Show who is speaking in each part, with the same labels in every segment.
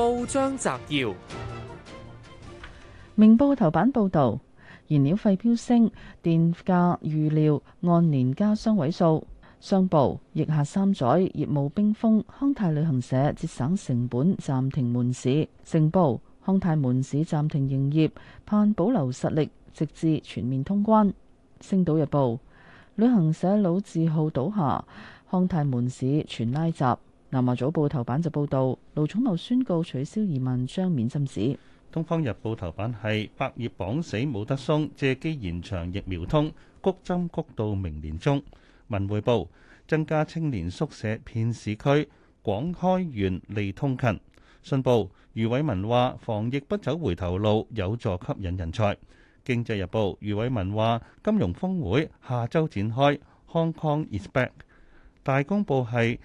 Speaker 1: 報章摘要：明報頭版報道，燃料費飆升，電價預料按年加雙位數。商報疫下三載，業務冰封，康泰旅行社節省成本暫停門市。晴報康泰門市暫停營業，盼保留實力直至全面通關。星島日報旅行社老字號倒下，康泰門市全拉閘。南華早報頭版就報道，盧寵茂宣告取消疑問，將免針紙。
Speaker 2: 東方日報頭版係百業綁死冇得鬆，借機延長疫苗通，谷針谷到明年中。文匯報增加青年宿舍，遍市區，廣開源利通勤。信報余偉文話防疫不走回頭路，有助吸引人才。經濟日報余偉文話金融峰會下周展開，Hong Kong is back。大公報係。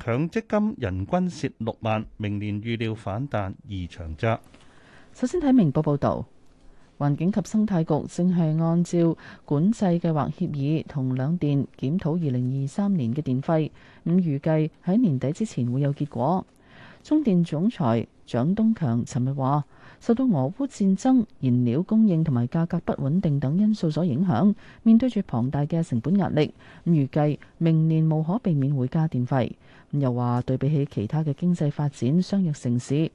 Speaker 2: 強積金人均蝕六萬，明年預料反彈異常窄。
Speaker 1: 首先睇明報報道，環境及生態局正係按照管制計劃協議同兩電檢討二零二三年嘅電費，咁預計喺年底之前會有結果。中電總裁蔣東強尋日話，受到俄烏戰爭、燃料供應同埋價格不穩定等因素所影響，面對住龐大嘅成本壓力，咁預計明年無可避免會加電費。又話對比起其他嘅經濟發展相若城市，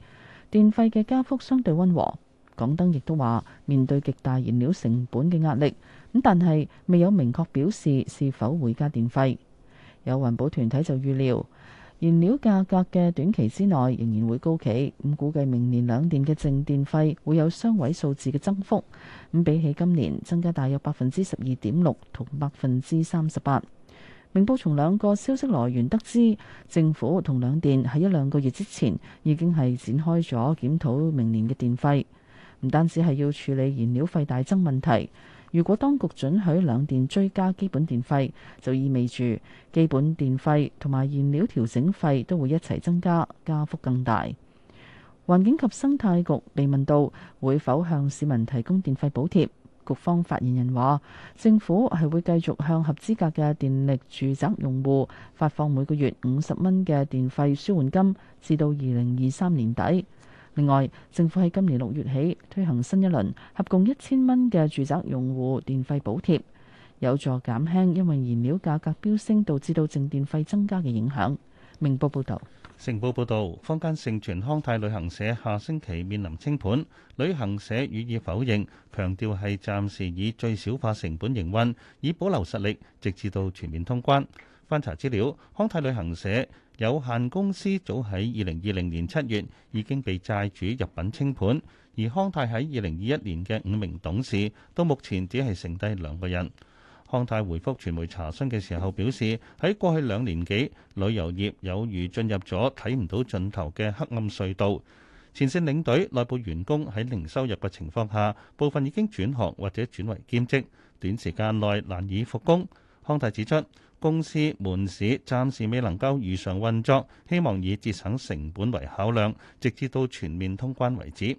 Speaker 1: 電費嘅加幅相對温和。港燈亦都話面對極大燃料成本嘅壓力，咁但係未有明確表示是否會加電費。有環保團體就預料燃料價格嘅短期之內仍然會高企，咁估計明年兩電嘅淨電費會有雙位數字嘅增幅，咁比起今年增加大約百分之十二點六同百分之三十八。明報從兩個消息來源得知，政府同兩電喺一兩個月之前已經係展開咗檢討明年嘅電費。唔單止係要處理燃料費大增問題，如果當局准許兩電追加基本電費，就意味住基本電費同埋燃料調整費都會一齊增加，加幅更大。環境及生態局被問到會否向市民提供電費補貼。局方發言人話，政府係會繼續向合資格嘅電力住宅用戶發放每個月五十蚊嘅電費舒緩金，至到二零二三年底。另外，政府喺今年六月起推行新一輪合共一千蚊嘅住宅用戶電費補貼，有助減輕因為燃料價格飆升導致到淨電費增加嘅影響。明報報道。
Speaker 2: 成報報導，坊間盛傳康泰旅行社下星期面臨清盤，旅行社予以否認，強調係暫時以最小化成本營運，以保留實力，直至到全面通關。翻查資料，康泰旅行社有限公司早喺二零二零年七月已經被債主入稟清盤，而康泰喺二零二一年嘅五名董事到目前只係剩低兩個人。康泰回覆傳媒查詢嘅時候表示，喺過去兩年幾，旅遊業有如進入咗睇唔到盡頭嘅黑暗隧道。前線領隊、內部員工喺零收入嘅情況下，部分已經轉行或者轉為兼職，短時間內難以復工。康泰指出，公司門市暫時未能夠如常運作，希望以節省成本為考量，直至到全面通關為止。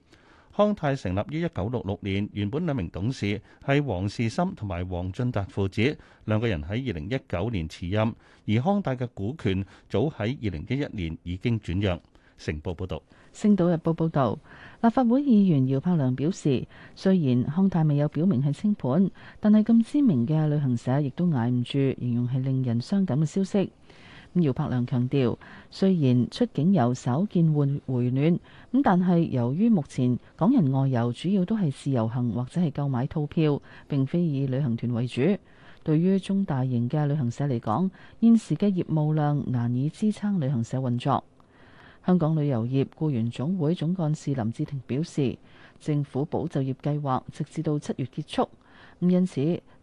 Speaker 2: 康泰成立於一九六六年，原本兩名董事係黃士森同埋黃俊達父子兩個人，喺二零一九年辭任，而康泰嘅股權早喺二零一一年已經轉讓。成報報道。
Speaker 1: 《星島日報》報道，立法會議員姚柏良表示，雖然康泰未有表明係清盤，但係咁知名嘅旅行社亦都捱唔住，形容係令人傷感嘅消息。姚柏良強調，雖然出境遊首見換回暖，咁但係由於目前港人外遊主要都係自由行或者係購買套票，並非以旅行團為主。對於中大型嘅旅行社嚟講，現時嘅業務量難以支撐旅行社運作。香港旅遊業僱員總會總幹事林志廷表示，政府保就業計劃直至到七月結束，咁因此。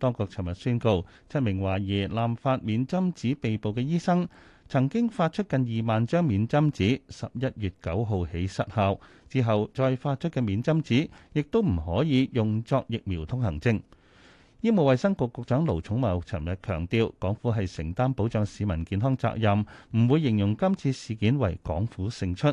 Speaker 2: 當局尋日宣告，七名懷疑濫發免針紙被捕嘅醫生，曾經發出近二萬張免針紙，十一月九號起失效。之後再發出嘅免針紙，亦都唔可以用作疫苗通行證。醫務衛生局局長盧寵茂尋日強調，港府係承擔保障市民健康責任，唔會形容今次事件為港府勝出。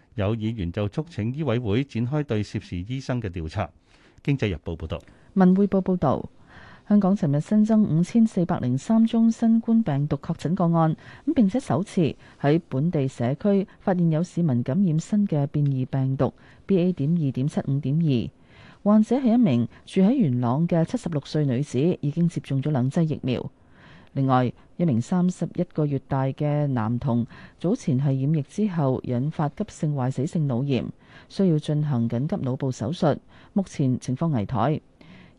Speaker 2: 有議員就促請醫委會展開對涉事醫生嘅調查。經濟日報報道，
Speaker 1: 文匯報報道，香港尋日新增五千四百零三宗新冠病毒確診個案，咁並且首次喺本地社區發現有市民感染新嘅變異病毒 BA 點二點七五點二。患者係一名住喺元朗嘅七十六歲女子，已經接種咗兩劑疫苗。另外，一名三十一個月大嘅男童，早前係染疫之後引發急性壞死性腦炎，需要進行緊急腦部手術，目前情況危殆。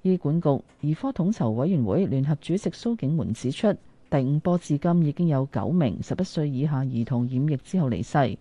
Speaker 1: 醫管局兒科統籌委員會聯合主席蘇景門指出，第五波至今已經有九名十一歲以下兒童染疫之後離世。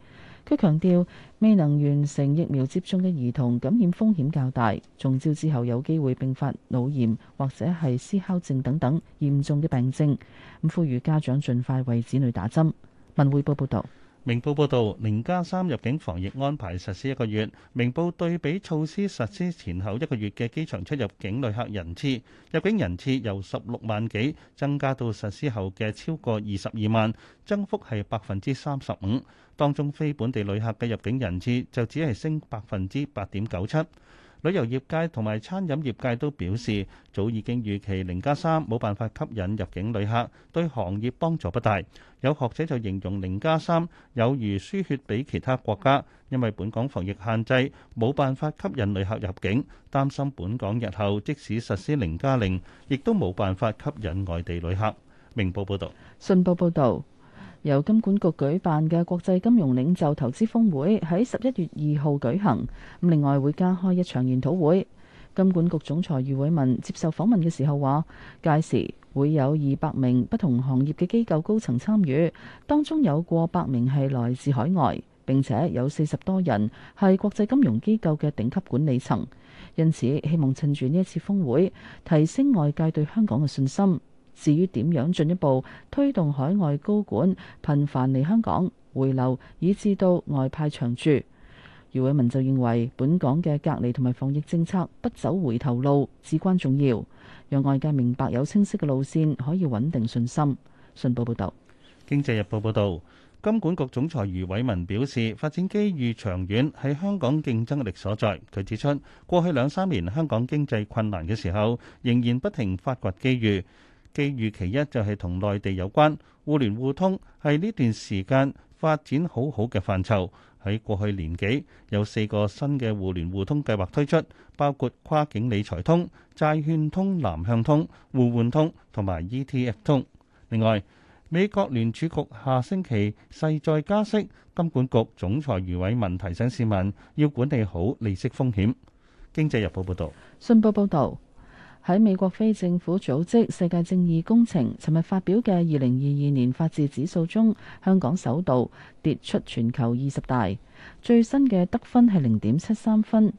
Speaker 1: 佢強調，未能完成疫苗接種嘅兒童感染風險較大，中招之後有機會併發腦炎或者係思考症等等嚴重嘅病症。咁，呼籲家長盡快為子女打針。文匯報報導。
Speaker 2: 明報報導，零加三入境防疫安排實施一個月。明報對比措施實施前後一個月嘅機場出入境旅客人次，入境人次由十六萬幾增加到實施後嘅超過二十二萬，增幅係百分之三十五。當中非本地旅客嘅入境人次就只係升百分之八點九七。旅遊業界同埋餐飲業界都表示，早已經預期零加三冇辦法吸引入境旅客，對行業幫助不大。有學者就形容零加三有如輸血畀其他國家，因為本港防疫限制，冇辦法吸引旅客入境，擔心本港日後即使實施零加零，亦都冇辦法吸引外地旅客。明報報道，
Speaker 1: 信報報道。由金管局舉辦嘅國際金融領袖投資峰會喺十一月二號舉行，另外會加開一場研討會。金管局總裁余偉文接受訪問嘅時候話，屆時會有二百名不同行業嘅機構高層參與，當中有過百名係來自海外，並且有四十多人係國際金融機構嘅頂級管理層，因此希望趁住呢一次峰會提升外界對香港嘅信心。至於點樣進一步推動海外高管頻繁嚟香港回流，以至到外派長住，余偉文就認為本港嘅隔離同埋防疫政策不走回頭路至關重要，讓外界明白有清晰嘅路線，可以穩定信心。信報報導，
Speaker 2: 《經濟日報》報道，金管局總裁余偉文表示，發展機遇長遠係香港競爭力所在。佢指出，過去兩三年香港經濟困難嘅時候，仍然不停發掘機遇。機遇其一就係同內地有關，互聯互通係呢段時間發展好好嘅範疇。喺過去年幾有四個新嘅互聯互通計劃推出，包括跨境理財通、債券通、南向通、互換通同埋 ETF 通。另外，美國聯儲局下星期勢在加息，金管局總裁余偉文提醒市民要管理好利息風險。經濟日報報導，
Speaker 1: 信報報導。喺美國非政府組織世界正義工程尋日發表嘅二零二二年法治指數中，香港首度跌出全球二十大，最新嘅得分係零點七三分，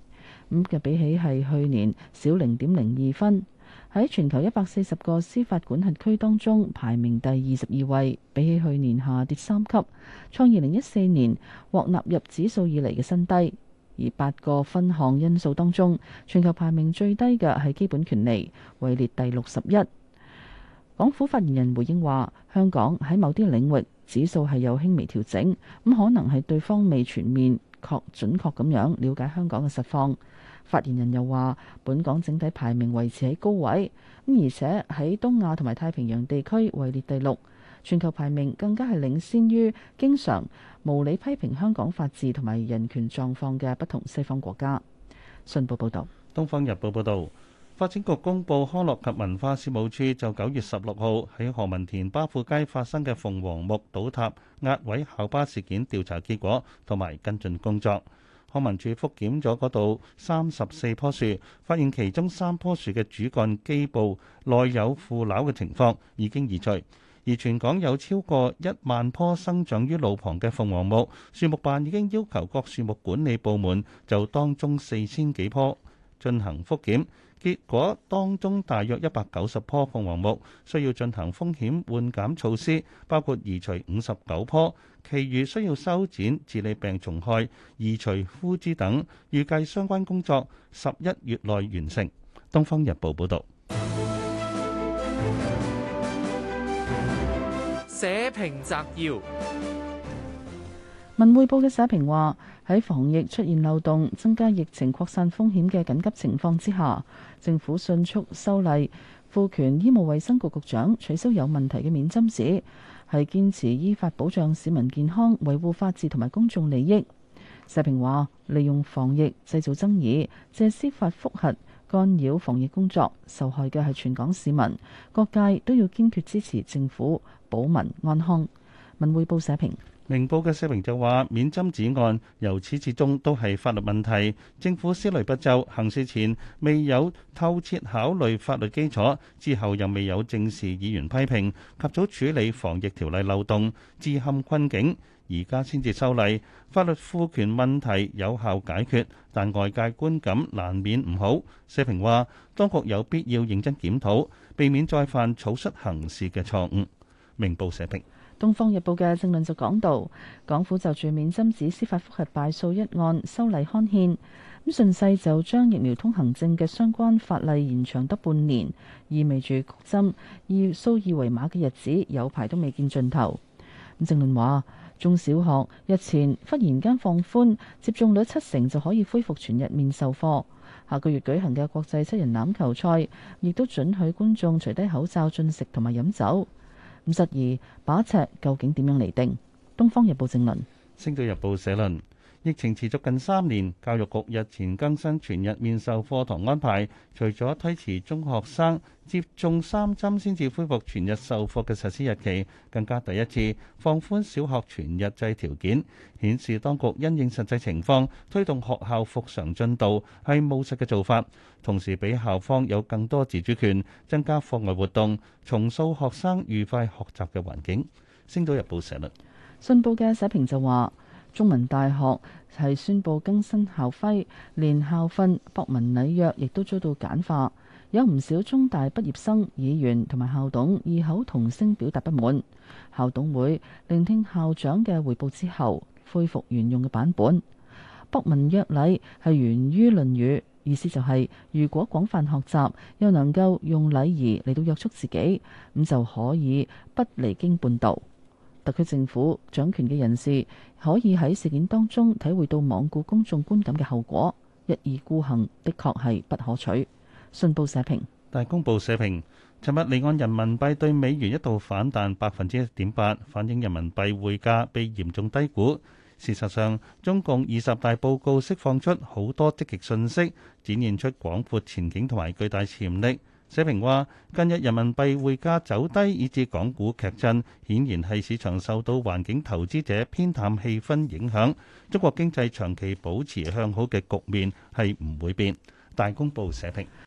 Speaker 1: 咁嘅比起係去年少零點零二分。喺全球一百四十個司法管轄區當中，排名第二十二位，比起去年下跌三級，創二零一四年獲納入指數以嚟嘅新低。而八個分項因素當中，全球排名最低嘅係基本權利，位列第六十一。港府發言人回應話，香港喺某啲領域指數係有輕微調整，咁可能係對方未全面確準確咁樣了解香港嘅實況。發言人又話，本港整體排名維持喺高位，咁而且喺東亞同埋太平洋地區位列第六。全球排名更加係領先於經常無理批評香港法治同埋人權狀況嘅不同西方國家。信報報道，
Speaker 2: 東方日報報道發展局公布康樂及文化事務處就九月十六號喺何文田巴富街發生嘅鳳凰木倒塌壓毀校巴事件調查結果同埋跟進工作。康文處覆檢咗嗰度三十四棵樹，發現其中三棵樹嘅主幹基部內有腐朽嘅情況已經移除。而全港有超過一萬棵生長於路旁嘅鳳凰木，樹木辦已經要求各樹木管理部門就當中四千幾棵進行復檢，結果當中大約一百九十棵鳳凰木需要進行風險緩減措施，包括移除五十九棵，其餘需要修剪、治理病蟲害、移除枯枝等，預計相關工作十一月內完成。《東方日報》報導。社評摘要，
Speaker 1: 文匯報嘅社評話喺防疫出現漏洞，增加疫情擴散風險嘅緊急情況之下，政府迅速修例，賦權醫務衛生局局長取消有問題嘅免針紙，係堅持依法保障市民健康，維護法治同埋公眾利益。社評話利用防疫製造爭議，借司法復核。干擾防疫工作，受害嘅係全港市民，各界都要堅決支持政府保民安康。文匯報社評，明報嘅社評
Speaker 2: 就話，免針紙案由始至終都係法律問題，政府思慮不周，行事前未有透徹考慮法律基礎，之後又未有正視議員批評，及早處理防疫條例漏洞，致陷困境。而家先至修例法律賦權問題有效解決，但外界觀感難免唔好。社評話，當局有必要認真檢討，避免再犯草率行事嘅錯誤。明報社評，
Speaker 1: 《東方日報》嘅正論就講到，港府就住免針紙司法覆核敗訴一案修例刊憲，咁順勢就將疫苗通行證嘅相關法例延長得半年，意味住焗針要掃二維碼嘅日子有排都未見盡頭。咁正論話。中小學日前忽然間放寬，接種率七成就可以恢復全日面授課，下個月舉行嘅國際七人欖球賽亦都准許觀眾除低口罩進食同埋飲酒。咁，十二把尺究竟點樣嚟定？東方日報正論，
Speaker 2: 星島日報社論。疫情持續近三年，教育局日前更新全日面授課堂安排，除咗推遲中學生接種三針先至恢復全日授課嘅實施日期，更加第一次放寬小學全日制條件，顯示當局因應實際情況推動學校復常進度係務實嘅做法，同時俾校方有更多自主權，增加課外活動，重塑學生愉快學習嘅環境。星島日報社論，
Speaker 1: 信報嘅社評就話。中文大學係宣布更新校徽，連校訓、博文禮約亦都遭到簡化。有唔少中大畢業生、議員同埋校董異口同聲表達不滿。校董會聆聽校長嘅彙報之後，恢復原用嘅版本。博文約禮係源於《論語》，意思就係、是、如果廣泛學習，又能夠用禮儀嚟到約束自己，咁就可以不離經叛道。特區政府掌權嘅人士可以喺事件當中體會到罔顧公眾觀感嘅後果，一意孤行的確係不可取。信報社評，
Speaker 2: 大公報社評，尋日離岸人民幣對美元一度反彈百分之一點八，反映人民幣匯價被嚴重低估。事實上，中共二十大報告釋放出好多積極訊息，展現出廣闊前景同埋巨大潛力。社評話：近日人民幣匯價走低，以至港股劇震，顯然係市場受到環境、投資者偏淡氣氛影響。中國經濟長期保持向好嘅局面係唔會變。大公報社評。